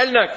Elnek.